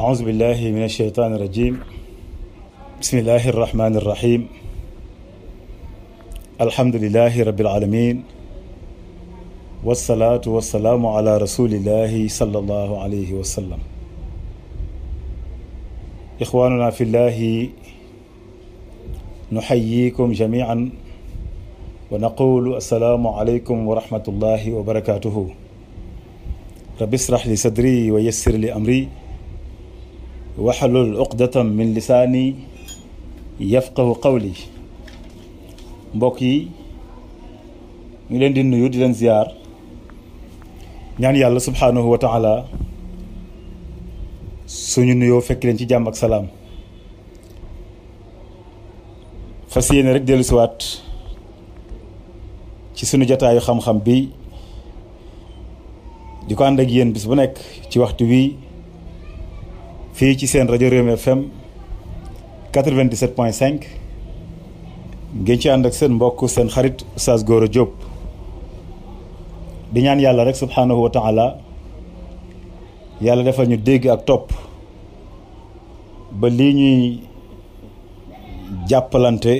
أعوذ بالله من الشيطان الرجيم بسم الله الرحمن الرحيم الحمد لله رب العالمين والصلاة والسلام على رسول الله صلى الله عليه وسلم إخواننا في الله نحييكم جميعا ونقول السلام عليكم ورحمة الله وبركاته رب اشرح لي صدري ويسر لي أمري waxlul uqdatam min lisaani yafqahu qawli mbokk yi ñu leen di nuyu di leen ziyaar ñaan yàlla subhaanahu wa taala suñu nuyoo fekk leen ci jàmm ak salaam fas yéene rek dellusiwaat ci sunu jataayu xam-xam bi di ko ànd ak yéen bis bu nekk ci waxtu wi fii ci seen rajo Rewmi FM 97 ngeen ci ànd ak seen mbokk seen xarit Oustaz a Diop di ñaan yàlla rek subhanahu wa taala yàlla defal ñu dégg ak topp ba lii ñuy jàppalante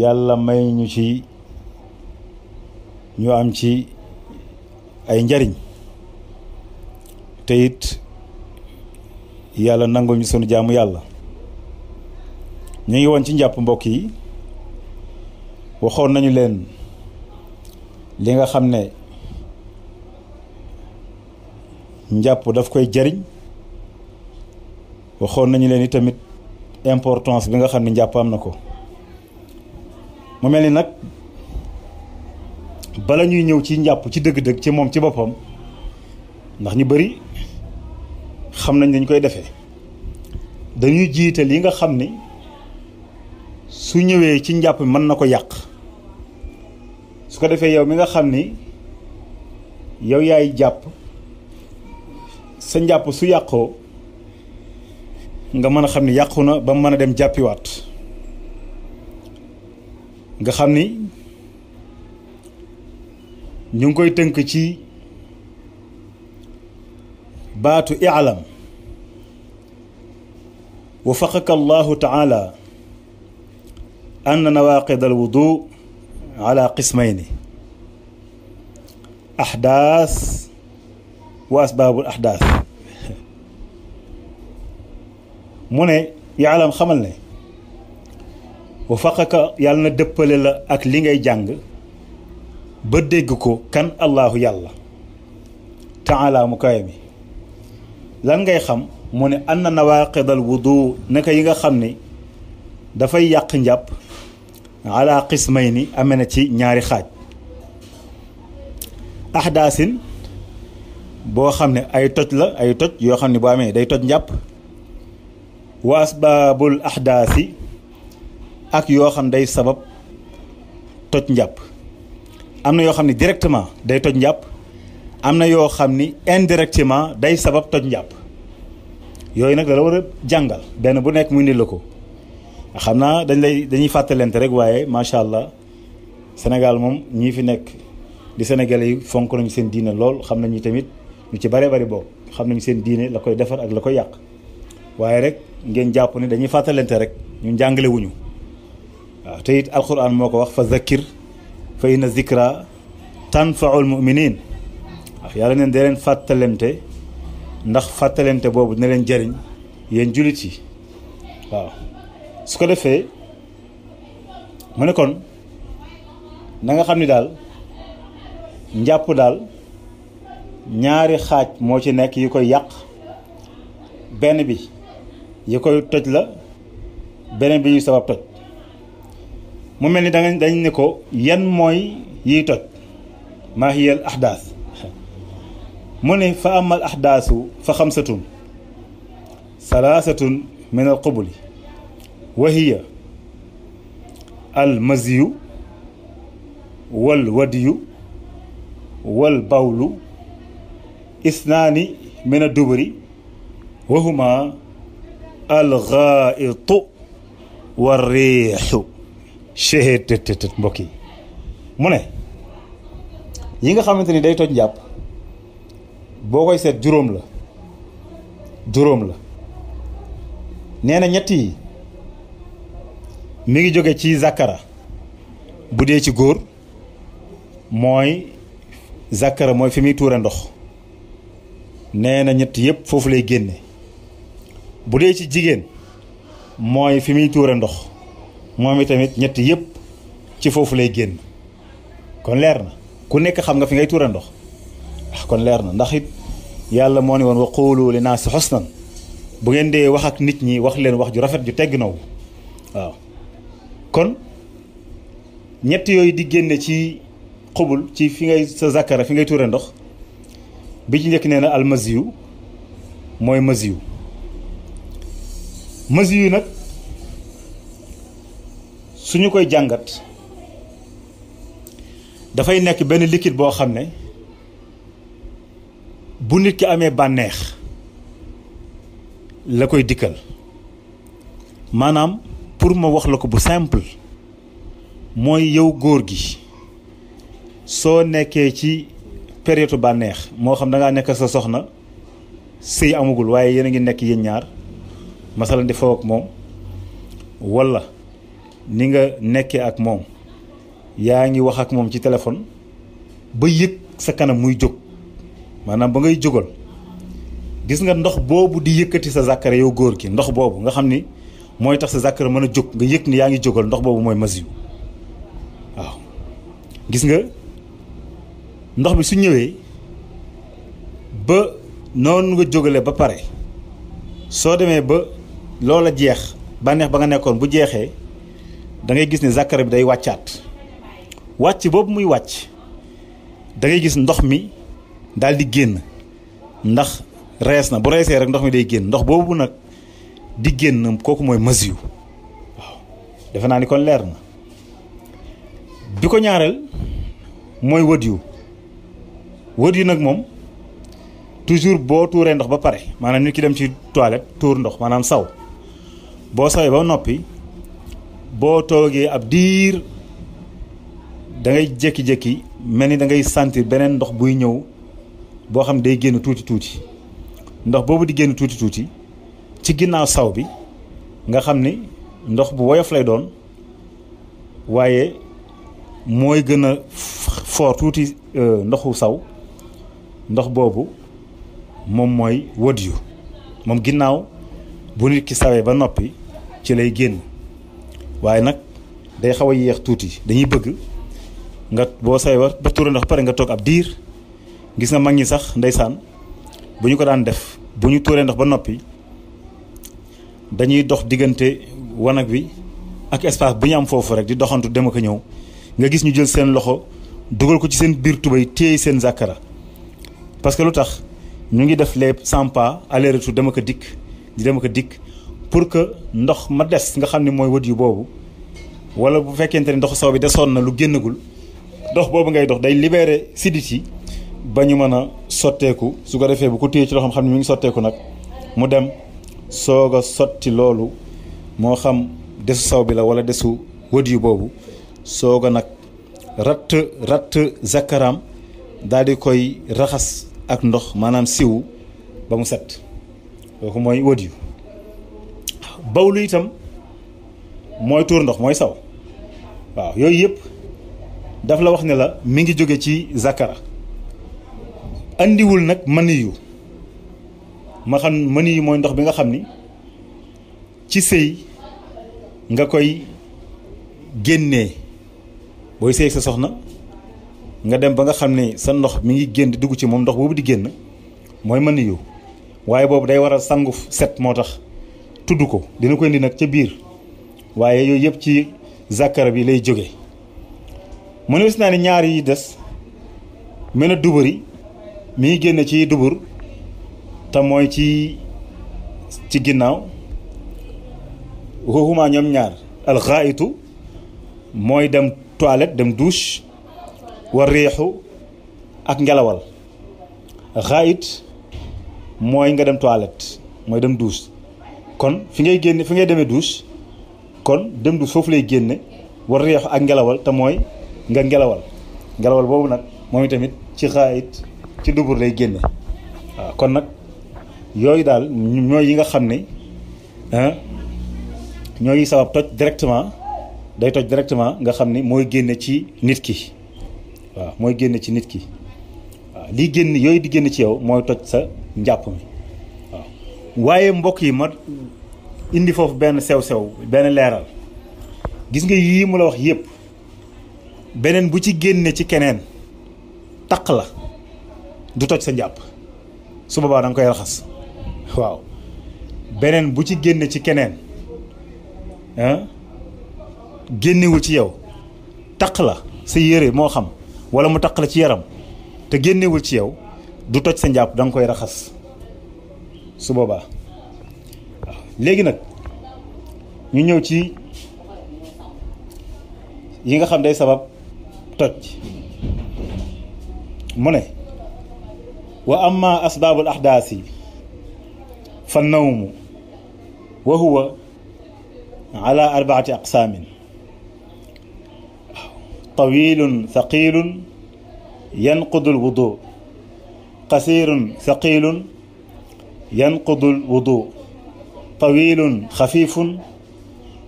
yàlla may ñu ci ñu am ci ay njariñ te yàlla nangu ñu sunu jaamu yàlla ñu ngi woon ci njàpp mbokk yi waxoon nañu leen li nga xam ne njàpp daf koy jariñ waxoon nañu leen i tamit importance bi nga xam ne njàpp am na ko mu mel ni nag bala ñuy ñëw ci njàpp ci dëgg-dëgg ci moom ci boppam ndax ñu bari xam nañ dañ koy defe dañuy jiital yi nga xam ni su ñëwee ci njàpp mën na ko yàq su ko defee yow mi nga xam ni yow yaay jàpp sa njàpp su yàqoo nga mën a xam ni yàqu na ba mën a dem jàppiwaat nga xam ni ñu ngi koy tënk ci baatu iclam wafaqaka allahu taala ann nawaqid alwudu ala qismayni axdaas wa asbaabul axdaas mu ne yaalam xamal ne wafaqaka yàlla na dëppale la ak li ngay jàng ba dégg ko kan allahu yàlla taala mu kawe mi lan ngay xam mu ne anna nawaqidal wudu naka yi nga xam ni dafay yàq njàpp ala qismay ni amee na ci ñaari xaaj ahdaasin boo xam ne ay toj la ay toj yoo xam ne boo amee day toj njàpp wa asbaabul ahdaasi ak yoo xam day sabab toj njàpp am na yoo xam ne directement day toj njàpp am na yoo xam ni indirectement day sabab toj njàpp yooyu nag dala war jàngal benn bu nekk muy ni la ko xam naa dañ lay dañuy fàttalente rek waaye macha allah Sénégal moom ñii fi nekk di Sénégalais yi fonk nañu seen diine lool xam nañu tamit ñu ci bare bari boobu xam nañu seen diine la koy defar ak la koy yàq waaye rek ngeen jàpp ne dañuy fàttalente rek ñu njàngale wuñu waaw te it alquran moo ko wax fa zakir fa inna zikra tanfaul muminin waaw yàlla neen dee leen fàttalente ndax fàttalente boobu dina leen jëriñ yéen jullit yi waaw su ko defee mu ne kon xam ni daal njàpp daal ñaari xaaj moo ci nekk yi koy yàq benn bi yi koy toj la beneen bi ñuy sabab toj mu mel ni da dañ ne ko yenn mooy yiy toj maa hiyal ahdaas mu ne fa amal ahdaasu fa xamsatun salaasatun min al qubuli wa hiya al maziyu wal wadiyu wal bawlu isnaani min a duburi wa huma al xaaitu wa riixu chehet mbokk yi mu ne yi nga xamante ni day toj njàpp boo koy seet juróom la juróom la nee na ñett yi mi ngi jóge ci zakara bu dee ci góor mooy zakara mooy fi muy tuure ndox nee na ñett yépp foofu lay génne bu dee ci jigéen mooy fi muy tuure ndox moom itamit ñett yépp ci foofu lay génn kon leer na ku nekk xam nga fi ngay tuure ndox ah, kon leer na ndax yàlla moo ne woon wa naa li naasi xusnan bu ngeen dee wax ak nit ñi wax leen wax ju rafet ju tegg naw waaw kon ñett yooyu di génne ci xubul ci fi ngay sa zakara fi ngay tuure ndox bi ci njëkk nee na almasiyu mooy masiyu masiyu nag suñu koy jàngat dafay nekk benn liquide boo xam ne bu nit ki amee bànneex la koy dikkal maanaam pour ma wax la ko bu simple mooy yow góor gi soo nekkee ci période bànneex moo xam da ngaa nekk sa soxna sëy amagul waaye yéen a ngi nekk yéen ñaar masalan di faw ak moom walla ni nga nekkee ak moom yaa ngi wax ak moom ci téléphone ba yëg sa kanam muy jóg maanaam ba ngay jógal gis nga ndox boobu di yëkkati sa zakkara yow góor ki ndox boobu nga xam ni mooy tax sa zakkara mën a jóg nga yëg ni yaa ngi jógal ndox boobu mooy masiw waaw gis nga ndox bi su ñëwee ba noonu nga jógalee ba pare soo demee ba loola jeex bànneex ba nga nekkoon bu jeexee da ngay gis ne zakkara bi day wàccaat wàcc boobu muy wàcc dangay gis ndox mi daal di génn ndax rees na bu reesee rek ndox mi day génn ndox boobu nag di génn kooku mooy masiw waaw defe naa ni kon leer na bi ko ñaareel mooy wët yu wët yu nag moom toujours boo tuuree ndox ba pare maanaam nit ki dem ci toilette tuur ndox maanaam saw boo sawee ba noppi boo toogee ab diir da ngay jékki-jékki mel ni da ngay sentir beneen ndox buy ñëw boo xam day génn tuuti tuuti ndox boobu di génn tuuti tuuti ci ginnaaw saw bi nga xam ni ndox bu woyof lay doon waaye mooy gën a foor tuuti euh, ndoxu saw ndox boobu moom mooy wëd yu moom ginnaaw bu nit ki sawee ba noppi ci lay génn waaye nag day xaw a yéex tuuti dañuy bëgg nga boo sawee ba tuura ndox pare nga toog ab diir gis nga mag ñi sax ndeysaan bu ñu ko daan def bu ñu tuuree ndox ba noppi dañuy dox diggante wanag wi ak espace bu ñu am foofu rek di doxantu dem ak ñëw nga gis ñu jël seen loxo dugal ko ci seen biir tubéy téey seen zàkkara parce que lu tax ñu ngi def les sampa pas aller retour dem ak dikk di dem ak dikk pour que ndox ma des nga xam ne mooy wët yu boobu wala bu fekkente ne ndox saw bi desoon na lu génnagul dox boobu ngay dox day libérer sidit yi ba ñu mën a sotteeku su ko defee bu ko téye ci loo xam xam ne mu ngi sotteeku nag mu dem soog a sotti loolu moo xam desu saw bi la wala desu wëd yu boobu soog a nag ratt ratt zakaraam daal di koy raxas ak ndox maanaam siw ba mu set kooku mooy wëd yu bawlu itam mooy tuur ndox mooy saw waaw yooyu yëpp daf la wax ne la mi ngi jóge ci zakara andiwul nag yu ma xam maniyu mooy ndox bi nga xam ni ci sëy nga koy génnee booy sëy sa soxna nga dem ba nga xam ne sa ndox mi ngi génn di dugg ci moom ndox boobu di génn mooy maniyu waaye boobu day waral sangu set moo tax tudd ko dina ko indi nag ca biir waaye yooyu yëpp ci zakara bi lay jóge mu naa ni ñaari yi des mën a dubari mi ngi génne ci dubur te mooy ci ci ginnaaw waxumaa ñoom ñaar alxaayitu mooy dem toilet dem douche war réexu ak ngelawal xait mooy nga dem toilette mooy dem douche kon fi ngay génne fi ngay demee douche kon dem douche foofu lay génne war réexu ak ngelawal te mooy nga ngelawal ngelawal boobu nag moom itamit ci xaayit ci dubur lay génne waaw kon nag yooyu daal ñooy yi nga xam ne ñooy sabab toj directement day toj directement nga xam ni mooy génne ci nit ki waaw mooy génne ci nit ki waaw lii génn yooyu di génn ci yow mooy toj sa njàpp mi waaw waaye mbokk yi ma indi foofu benn sew-sew benn leeral gis nga yii mu la wax yépp beneen bu ci génne ci keneen taq la du toj sa njàpp su boobaa da koy raxas waaw beneen bu ci génne ci keneen génnewul ci yow taq la sa yére moo xam wala mu taq la ci yaram te génnewul ci yow du toj sa njàpp danga koy raxas su boobaa léegi nag ñu ñëw ci yi nga xam day sabab toj mu ne wa amma asbaabu al ahdaasi fa nawmu wa huwa ala arbaati aqsaamin طويل ثقيل ينقض الوضوء قصير ثقيل ينقض الوضوء طويل خفيف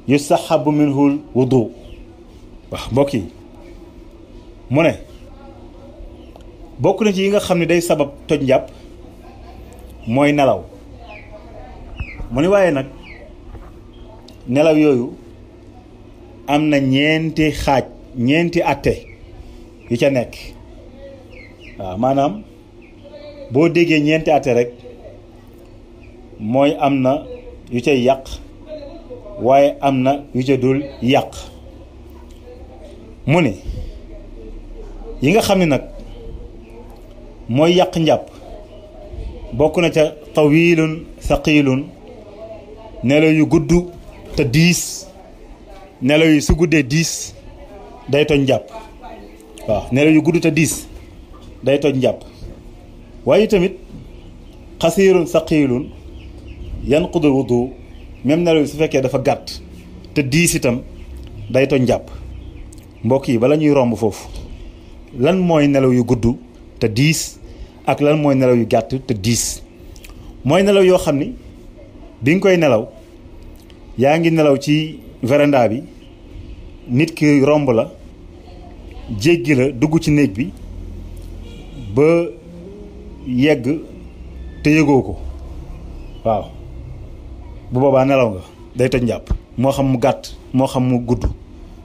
يسحب منه الوضوء wax mbokk yi mu ne bokk na ci yi nga xam ne day sabab toj njàpp mooy nelaw mu ne waaye nag nelaw yooyu am na ñeenti xaaj ñeenti atte yu ca nekk waaw maanaam boo déggee ñeenti atte rek mooy am na yu ca yàq waaye am na yu ca dul yàq mu ne yi nga xam ni nag mooy yàq njàpp bokk na ca tawilun saqilun nelaw yu gudd te diis nelaw yi su guddee diis day toj njàpp waaw nelaw yu gudd te diis day toj njàpp waaye tamit xasiirun yan yanqudul wudu même nelaw yi su fekkee dafa gàtt te diis itam day toj njàpp mbokk yi bala ñuy romb foofu lan mooy nelaw yu gudd te diis ak lan mooy nelaw yu gàtt te diis mooy nelaw yoo xam ni bi nga koy nelaw yaa ngi nelaw ci véranda bi nit ki romb la jéggi la dugg ci néeg bi ba yegg te yëgoo ko waaw bu boobaa nelaw nga day toj njàpp moo xam mu gàtt moo xam mu gudd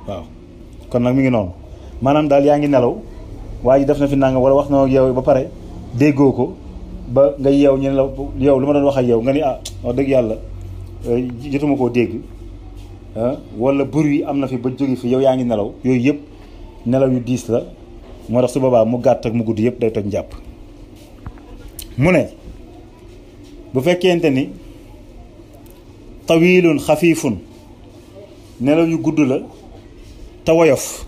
waaw kon nag mu ngi noonu maanaam daal yaa ngi nelaw waa ji def na fi nangam wala wax na ak ba pare déggoo ko ba nga yeew ñu ne la lu ma doon wax a yow nga ni ah wax dëgg yàlla euh, jotuma koo dégg ah, wala bruit am na fi ba jóge fi yow yaa ngi nelaw yooyu yëpp nelaw yu diis la moo tax su boobaa mu gàtt ak mu gudd yëpp day toj njàpp mu ne bu fekkente ni tawilun xafiifun nelaw yu gudd la te woyof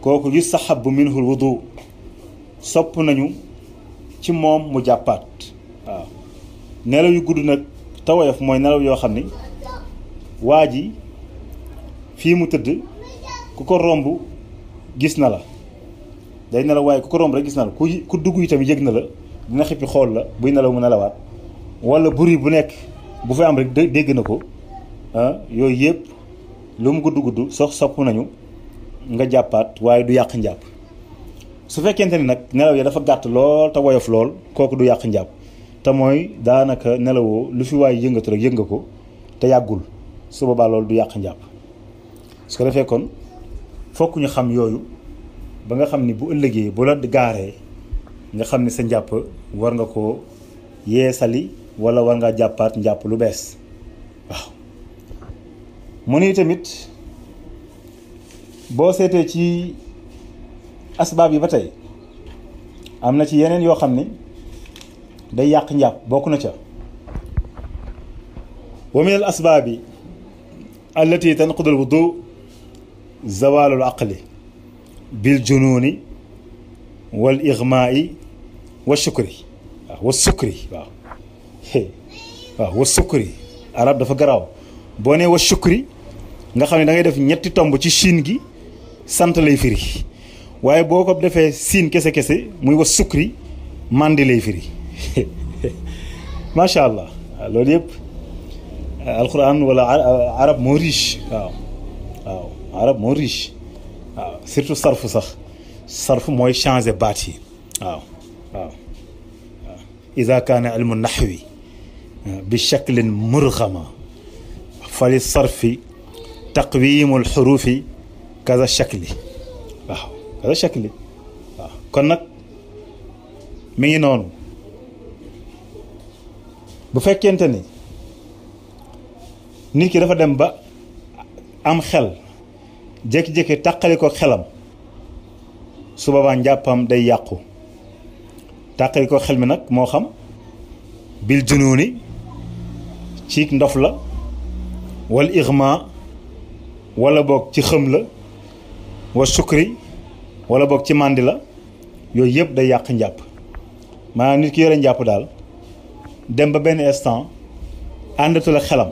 kooku yustahabu minhu lwudu sopp nañu ci moom mu jàppaat waaw nelaw yu gudd nag tawoyof mooy nelaw yoo xam ni waa ji fii mu tëdd ku ko romb gis na la day nelaw waaye ku ko romb rek gis na la ku ku dugg itam yëg na la dina xippi xool la buy nelaw mu nelawaat wala buri bu nekk bu fa am rek dégg na ko ah, yooyu yëpp lu mu gudd gudd sox sopp nañu nga jàppaat waaye du yàq njàpp su fekkente ni nag nelaw ya dafa gàtt lool te woyof lool kooku du yàq njàpp te mooy daanaka nelawoo lu fi waay yëngatu rek yënga ko te yàggul su boobaa loolu du yàq njàpp su ko defee kon fokk ñu xam yooyu ba nga xam ni bu ëllëgee bu la gaaree nga xam ni sa njàpp war nga ko yeesali wala war ngaa jàppaat njàpp lu bees waaw mu ni tamit boo seetee ci asbaab yi ba tey am na ci yeneen yoo xam ni day yàq njàpp bokk na ca wa min al yi allati tanqudu al wudu zawalul aqli bil junuuni wal igmaai wa sukri waaw wa sukri waaw waaw wa sukri arab dafa garaaw boo nee wa sukri nga xam ne dangay def ñetti tomb ci Chine gi sant lay firi waaye boo ko defee siin kese kese muy wax sukri mandi lay firi macha allah loolu yëpp euh, alquran wala euh, arab moo riche waaw waaw arab moo riche waaw surtout sarfu sax sarfu mooy changer baat yi waaw waaw ida kaana ilmu naxwi euh, bi shaklin murxama fali sarfi taqwimu alxurufi kaza shakli waaw rechakli waaw kon nag mi ngi noonu bu fekkente ni nit ki dafa dem ba am xel jékki-jékki tàqali xelam su boobaa njàppam day yàqu tàqali xel mi nag moo xam bil junuuni ciig ndof la wala ixma walla boog ci xëm la wa sukri wala boog ci màndi la yooyu yëpp day yàq njàpp maanaam nit ki yore njàpp daal dem ba benn instant àndatul ak xelam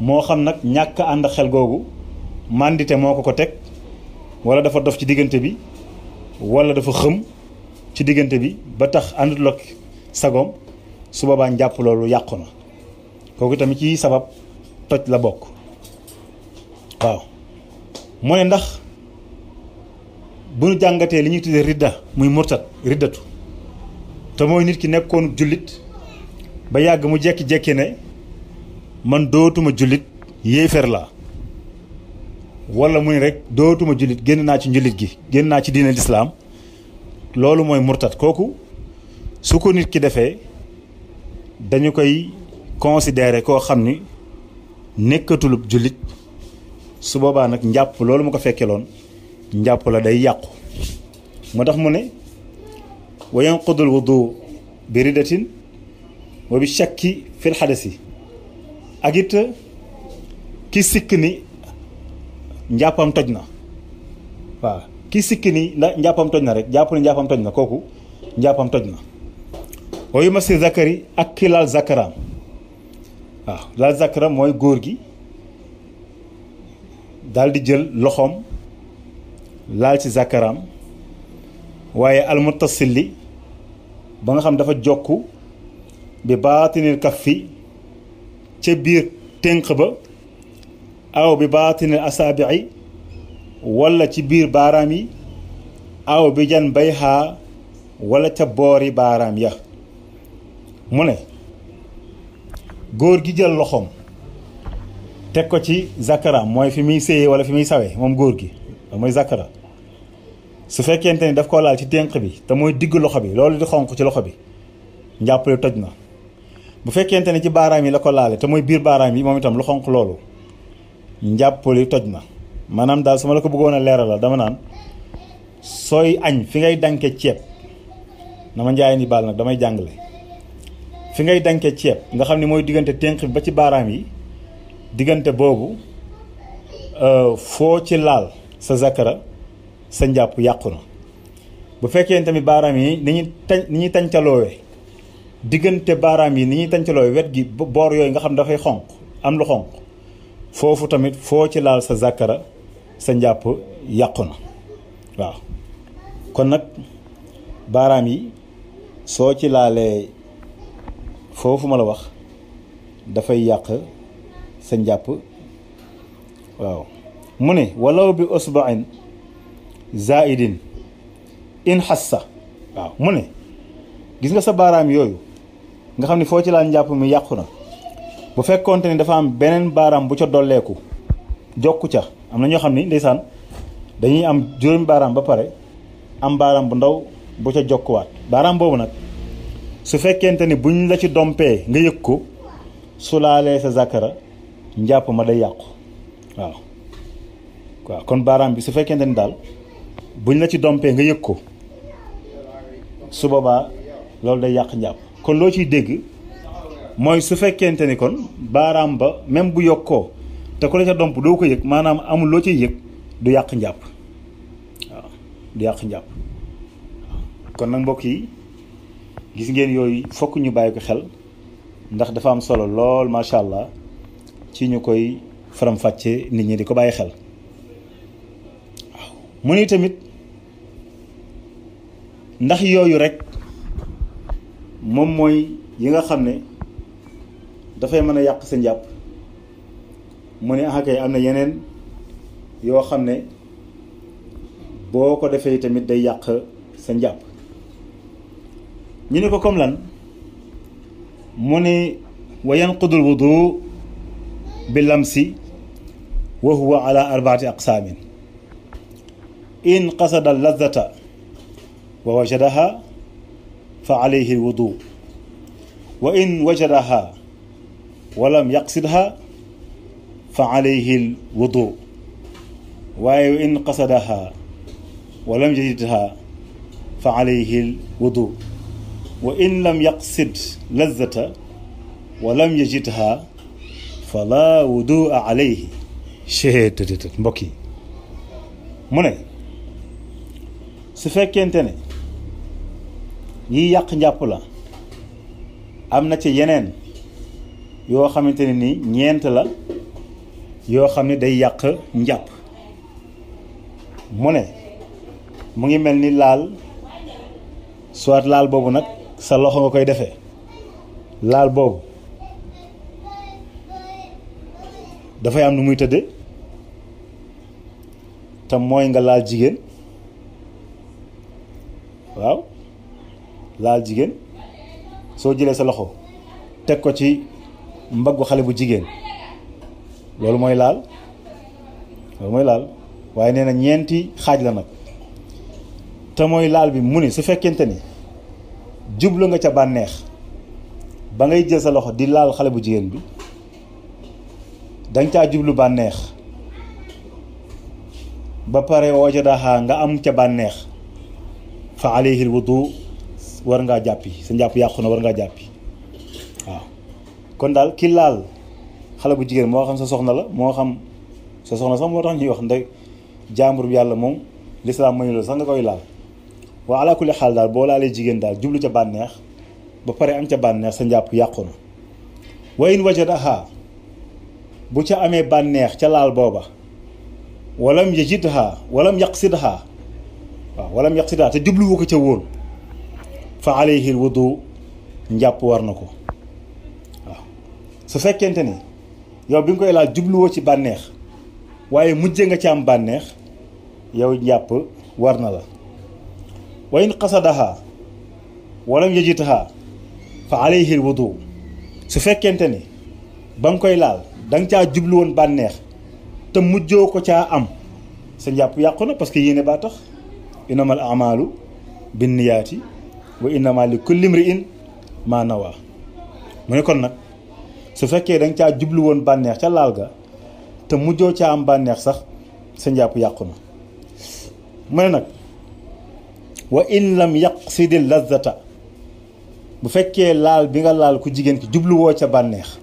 moo xam nag ñàkk ànd xel googu màndite moo ko ko teg wala dafa dof ci diggante bi wala dafa xëm ci diggante bi ba tax àndatul ak sagoom su boobaa njàpp loolu yàqu na kooku tamit ci sabab toj la bokk waaw mu ne ndax bu ñu jàngatee li ñuy tuddee ridda muy murtat riddatu te mooy nit ki nekkoon jullit ba yàgg mu jekki-jekki ne man dootuma jullit yéeféer laa wala muy rek dootuma jullit génn naa ci njullit gi génn naa ci diine lislaam loolu mooy murtat kooku su ko nit ki defee dañu koy considérer koo xam ni nekkatulub jullit su boobaa nag njàpp loolu mu ko fekkee loon njàpp la day yàqu moo tax mu ne wa yanqudul wudu bi ridatin wa bi shakki fil xadasi ak it ki sikk ni njàppam toj na waaw ki sikk ni ndax njàppam toj na rek jàpp ni njàppam toj na kooku njàppam toj na wa yu zakari ak ki laal zakaraam waaw laal zakara mooy góor gi daal di jël loxoom laal ci zakaram waaye almutasil li ba nga xam dafa jokk bi baatinil fi ca biir tënk ba aw bi baatinil asaabii wala ci biir baaraam yi aw bi jan bay xaa wala ca boori baaraam ya mu ne góor gi jël loxoom teg ko ci zakaram mooy fi muy séyee wala fi muy sawee moom góor gi mooy zakara su fekkente ni daf koo laal ci dénk bi te mooy digg loxo bi loolu di xonq ci loxo bi njàppale toj na bu fekkente ne ci baaraam yi la ko laale te mooy biir baaraam yi moom itam lu xonq loolu njàppale toj na maanaam daal su ma la ko bëggoon a leeralal dama naan sooy añ fi ngay danke ceeb na ma njaay ni baal nag damay jàngale fi ngay danke ceeb nga xam ni mooy diggante ténk bi ba ci baaraam yi diggante boobu euh, foo ci laal sa zakara sa njàpp yàqu na bu fekkee ni tamit baaraam yi ni ñuy tañ ni ñuy tancaloowee diggante baaraam yi ni ñuy tancaloowee wet gi boor yooyu nga xam ne dafay xonq am lu xonq foofu tamit foo ci laal sa zakara sa njàpp yàqu na waaw kon nag baaraam yi soo ci laalee foofu ma la wax dafay yàq sa njàpp waaw mu ne walaw bi usbain zaidin in xas xassa waaw mu ne gis nga sa baaraam yooyu nga xam ne foo ci laal njàpp mi yàqu na bu fekkonte ni dafa am beneen baaraam bu ca dolleeku jokk ca am na ñoo xam ni ndeysaan dañuy am juróomi baaraam ba pare am baaraam bu ndaw bu ca jokkuwaat baaraam boobu nag su fekkente ni buñ la ci dompee nga yëg ko sulaalee sa zakara njàpp ma day yàqu waaw waaw kon baaraam bi su fekkente ni daal buñ la ci dompee nga yëg ko su boobaa loolu day yàq njàpp kon loo ciy dégg mooy su fekkente ni kon baaraam ba même bu yokkoo te ku la ca domp doo ko yëg maanaam amul loo ciy yëg du yàq njàpp waaw du yàq njàpp kon nag mbokk yi gis ngeen yooyu fokk ñu bàyyi ko xel ndax dafa am solo lool macha allah ci ñu koy faram nit ñi di ko bàyyi xel. mu ni tamit ndax yooyu rek moom mooy yi nga xam ne dafay mën a yàq sa njàpp mu ne ah kay am na yeneen yoo xam ne boo ko defee tamit day yàq sa njàpp ñu ne ko comme lan mu ne wa yanqudul wudu bi lamsi wa huwa ala arbaati in qasada al-lazzata wa wajadaha fa alayhi al-wudu wa in wajadaha wa lam yaqsidha fa alayhi al-wudu waaye wa in qasadaha wa lam yajidha fa alayhi al-wudu wa in lam yaqsid lazzata wa lam yajidha fala wudu alayhi. mbokk yi mu ne. su fekkente ne yiy yàq njàpp la am na ci yeneen yoo xamante ne ni ñeent la yoo xam ne day yàq njàpp mu ne mu ngi mel ni laal soit laal boobu nag sa loxo nga koy defee laal boobu dafay am nu muy tëdd te mooy nga laal jigéen waaw laal jigéen soo jëlee sa loxo teg ko ci mbaggu xale bu jigéen loolu mooy laal loolu mooy laal waaye nee na ñeenti xaaj la nag te mooy laal bi mu ni su fekkente ni jublu nga ca bànneex ba ngay jël sa loxo di laal xale bu jigéen bi danga caa jublu bànneex ba pare woo ca daaxaa nga am ca bànneex fa alayhi alwudu war ngaa jàppi sa njàpp yàqu na war ngaa jàppi waaw kon daal ki laal xale bu jigéen moo xam sa soxna la moo xam sa soxna sax moo tax ñuy wax ndax jàmbur yàlla moom lislaam mañu la sax nga koy laal waaw ala xaal daal boo laalee jigéen daal jublu ca bànneex ba pare am ca bànneex sa njàpp yàqu na wayin wajadaha bu ca amee bànneex ca laal booba walam yajidha walam yaqsidha waaw walam daal te jubluwu ko ca woon fa alayhi wudu njàpp war na ko su fekkente ni yow bi nga koy laal jubluwoo ci bànneex waaye mujje nga ci am bànneex yow njàpp war na la wa in qasadaha walam yajitaha fa alayhi wudu su fekkente ni ba nga koy laal danga caa jublu woon bànneex te mujjoo ko caa am sa njàpp yàqu na parce que yéene baa tax innamal amalu binniyaati wa innama li kulli imri'in ma nawa mu ne kon nag su fekkee danga caa jublu woon bànneex ca laal ga te mujjoo caa am bànneex sax sa njàpp yàqu na mu ne nag wa in lam yaqsidi lazata bu fekkee laal bi nga laal ku jigéen ki jubluwoo ca bànneex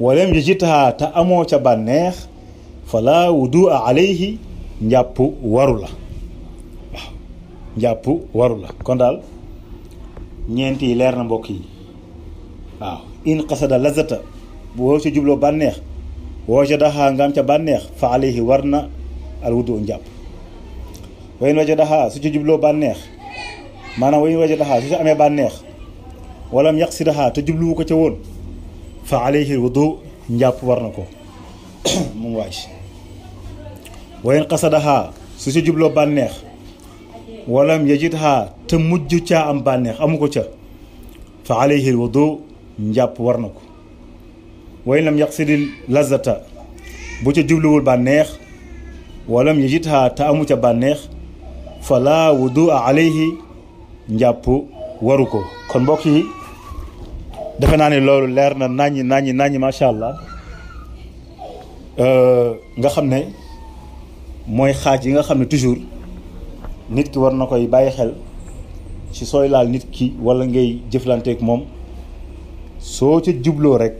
walam yujitaha te amoo ca bànneex fala wudu alayhi njàpp waru la njàpp waru la kon daal ñeent yi leer na mbokk yi waaw in qasada lazata boo ci jubloo bànneex wajadaha nga am ca bànneex fa alayhi war na al wudu njàpp wayn wajadaha su ci jubloo bànneex maanaam wayn wajadaha su ci amee bànneex walam yaqsidaha te jubluwu ko ca woon fa alayhi war na ko moom waaj su ci jubloo bànneex walam yajidha ta mujj ca am bànneex amu ko ca fa alayhi alwudu njàpp war na ko wa in lam yaqsidi lazata bu ca jubluwul bànneex walam yajidha te amu ca bànneex fala wudua alayhi njàpp waru ko kon mbokk yi defe naa ne loolu leer na naññi naññi naññi macha allah euh, nga xam ne mooy xaaj yi nga xam ne toujours nit ki war na koy bàyyi xel ci sooy laal nit ki walla ngay jëflanteek moom soo ca jubloo rek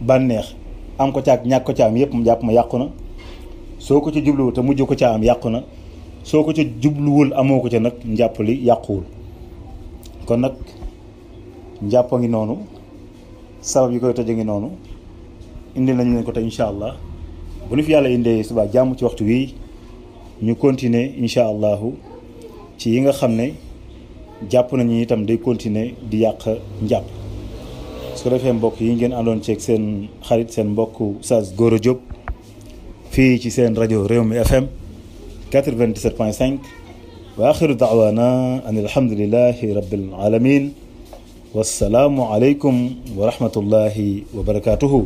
bànneex am ko caag ñàkk ko ca am yëpp mu jàpp ma yàqu na soo ko ca jubluwul te mujj ko ca am yàqu na soo ko ca jubluwul amoo ko ca nag njàpp li yàquwul kon nag njàpp ngi noonu sabab yi koy toj a ngi noonu indi nañ ne ko te incha allah bu nu fi yàlla indee subaa jàmm ci waxtu wii ñu continuer incha allahu ci yi nga xam ne jàpp nañu itam day continuer di yàq njàpp su ko defee mbokk yi ngeen aloon ceeg seen xarit seen mbokk Oustaz Gora Diop fii ci seen rajo Rewmi FM 97.5 wa axiru daawaana an alhamdulilahi rabbil alamin wassalaamu aleykum wa rahmatullahi wa barakatuhu